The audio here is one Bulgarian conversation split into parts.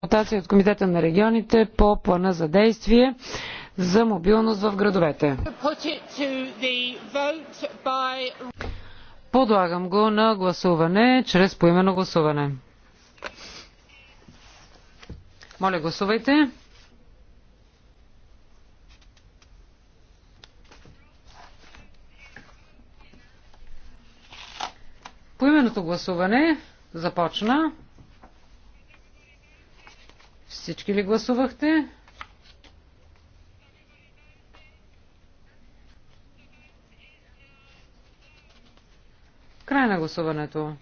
консултации от Комитета на регионите по плана за действие за мобилност в градовете. Подлагам го на гласуване чрез поименно гласуване. Моля, гласувайте. Поименното гласуване започна. Всички ли гласувахте? Край на гласуването.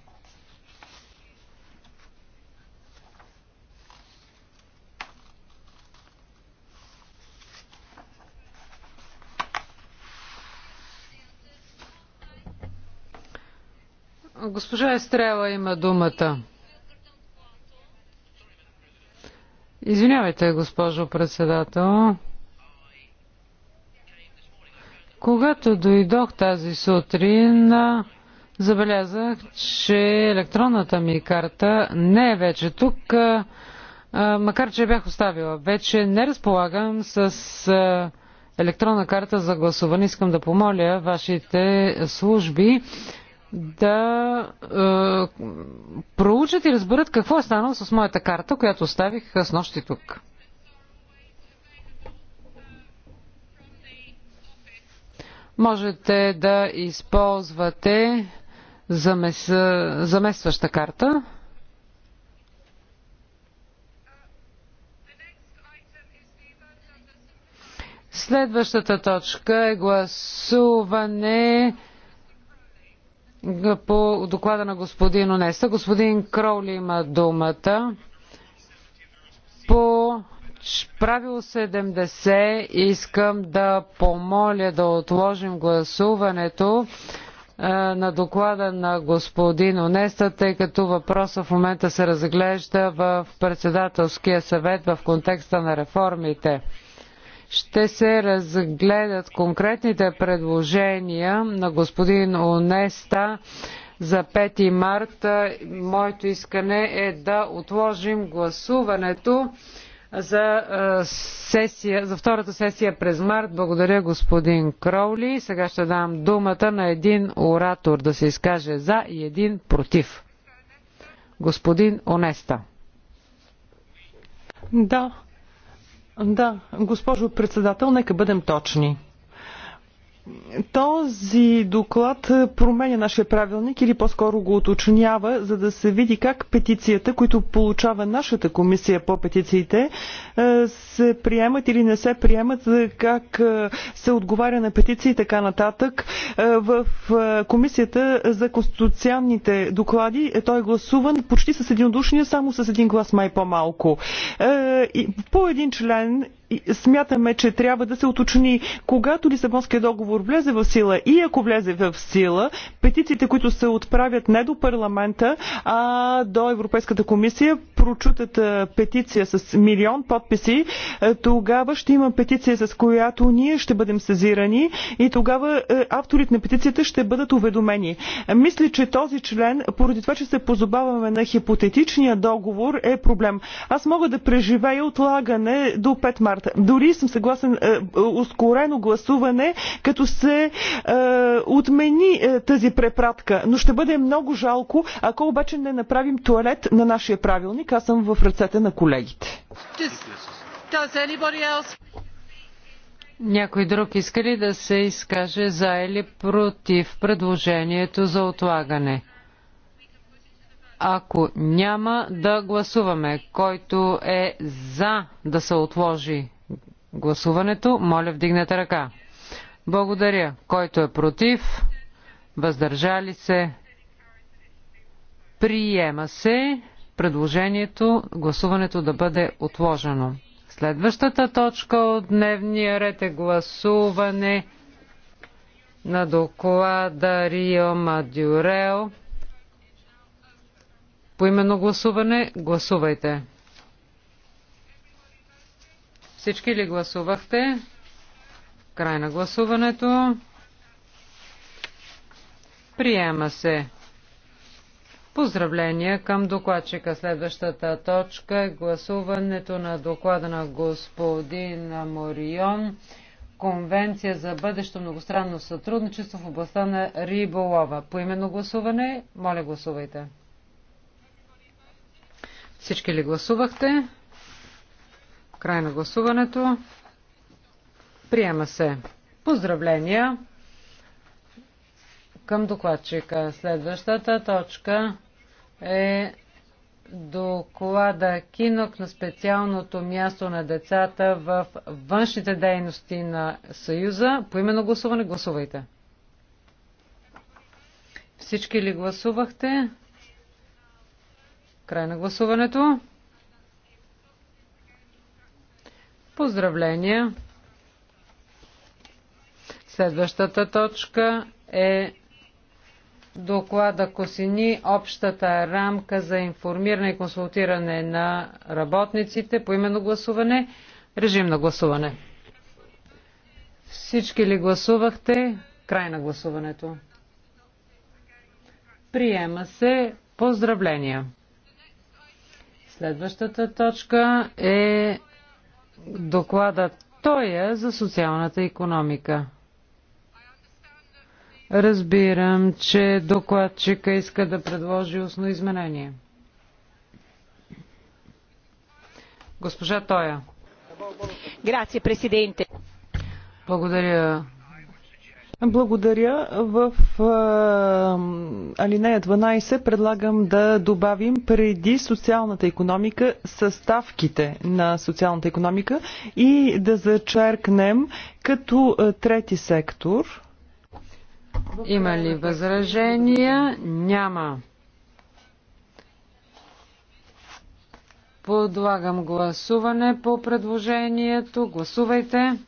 Госпожа Естрела има думата. Извинявайте, госпожо председател. Когато дойдох тази сутрин, забелязах, че електронната ми карта не е вече тук, макар че я бях оставила. Вече не разполагам с електронна карта за гласуване. Искам да помоля вашите служби да е, проучат и разберат какво е станало с моята карта, която оставих с нощи тук. Можете да използвате замес... заместваща карта. Следващата точка е гласуване по доклада на господин Онеса. Господин Кроули има думата. По правило 70 искам да помоля да отложим гласуването е, на доклада на господин Онеста, тъй като въпроса в момента се разглежда в председателския съвет в контекста на реформите ще се разгледат конкретните предложения на господин Онеста за 5 март. Моето искане е да отложим гласуването за, сесия, за втората сесия през март. Благодаря господин Кроули. Сега ще дам думата на един оратор да се изкаже за и един против. Господин Онеста. Да, да, госпожо председател, нека бъдем точни. Този доклад променя нашия правилник или по-скоро го уточнява, за да се види как петицията, които получава нашата комисия по петициите, е, се приемат или не се приемат, е, как е, се отговаря на петиции и така нататък. В комисията за конституционните доклади той е гласуван почти с единодушния, само с един глас май по-малко. Е, по един член смятаме, че трябва да се уточни когато Лисабонския договор влезе в сила и ако влезе в сила, петициите, които се отправят не до парламента, а до Европейската комисия, прочутата петиция с милион подписи, тогава ще има петиция, с която ние ще бъдем сезирани и тогава авторите на петицията ще бъдат уведомени. Мисля, че този член, поради това, че се позобаваме на хипотетичния договор, е проблем. Аз мога да преживея отлагане до 5 марта карта. Дори съм съгласен е, ускорено гласуване, като се е, отмени е, тази препратка. Но ще бъде много жалко, ако обаче не направим туалет на нашия правилник. Аз съм в ръцете на колегите. Някой друг иска ли да се изкаже за или против предложението за отлагане? Ако няма, да гласуваме. Който е за да се отложи гласуването, моля вдигнете ръка. Благодаря. Който е против, въздържали се, приема се предложението гласуването да бъде отложено. Следващата точка от дневния ред е гласуване на доклада Рио Мадюрел. По именно гласуване гласувайте. Всички ли гласувахте? Край на гласуването. Приема се. Поздравления към докладчика. Следващата точка е гласуването на доклада на господин Морион. Конвенция за бъдещо многостранно сътрудничество в областта на риболова. По именно гласуване, моля гласувайте. Всички ли гласувахте? Край на гласуването. Приема се. Поздравления към докладчика. Следващата точка е доклада Кинок на специалното място на децата в външните дейности на Съюза. По именно гласуване гласувайте. Всички ли гласувахте? Край на гласуването. Поздравления! Следващата точка е доклада Косини общата рамка за информиране и консултиране на работниците по именно гласуване. Режим на гласуване. Всички ли гласувахте? Край на гласуването. Приема се. Поздравления! Следващата точка е доклада той е за социалната економика. Разбирам, че докладчика иска да предложи устно изменение. Госпожа Тоя. Благодаря, благодаря. В а, алинея 12 предлагам да добавим преди социалната економика съставките на социалната економика и да зачеркнем като трети сектор. Има ли възражения? Няма. Подлагам гласуване по предложението. Гласувайте.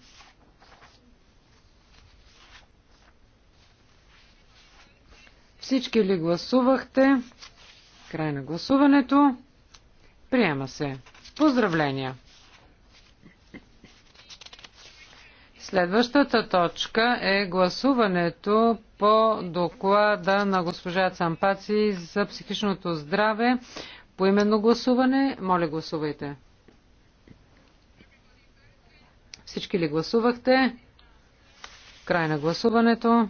Всички ли гласувахте? Край на гласуването. Приема се. Поздравления! Следващата точка е гласуването по доклада на госпожа Цампаци за психичното здраве. По именно гласуване, моля гласувайте. Всички ли гласувахте? Край на гласуването.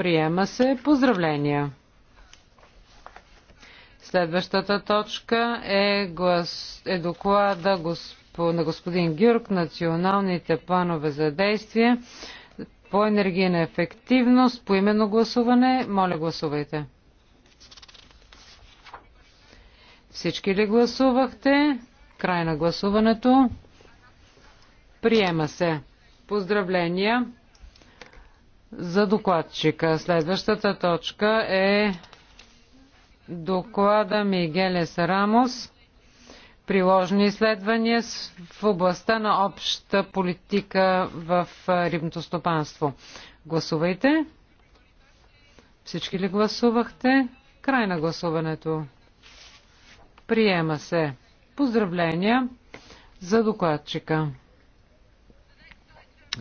Приема се. Поздравления. Следващата точка е, глас, е доклада госпо, на господин Гюрк националните планове за действие по енергийна ефективност, по именно гласуване. Моля, гласувайте. Всички ли гласувахте? Край на гласуването. Приема се. Поздравления за докладчика. Следващата точка е доклада Мигелес Рамос приложни изследвания в областта на общата политика в рибното стопанство. Гласувайте. Всички ли гласувахте? Край на гласуването. Приема се. Поздравления за докладчика.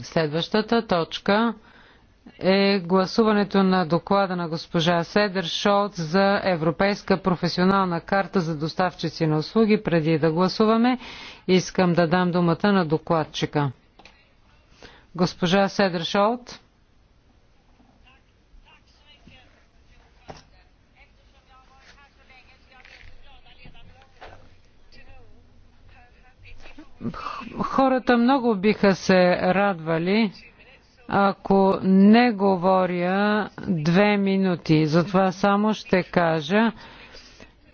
Следващата точка е гласуването на доклада на госпожа Седер Шолт за Европейска професионална карта за доставчици на услуги. Преди да гласуваме, искам да дам думата на докладчика. Госпожа Седер Шолт. Хората много биха се радвали, ако не говоря две минути. Затова само ще кажа,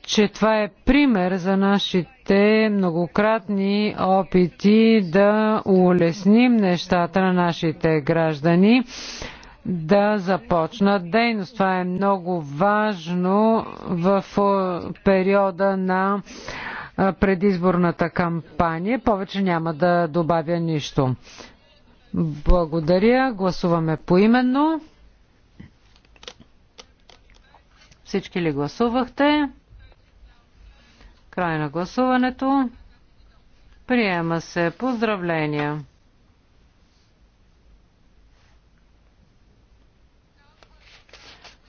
че това е пример за нашите многократни опити да улесним нещата на нашите граждани да започнат дейност. Това е много важно в периода на предизборната кампания. Повече няма да добавя нищо. Благодаря. Гласуваме поименно. Всички ли гласувахте? Край на гласуването. Приема се. Поздравления.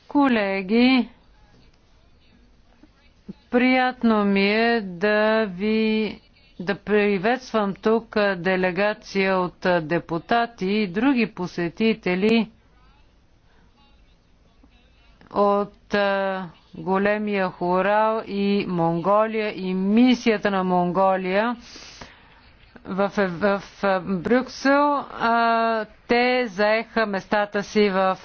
Колеги, приятно ми е да ви да приветствам тук делегация от депутати и други посетители от големия хорал и Монголия и мисията на Монголия в, в, в Брюксел. А, те заеха местата си в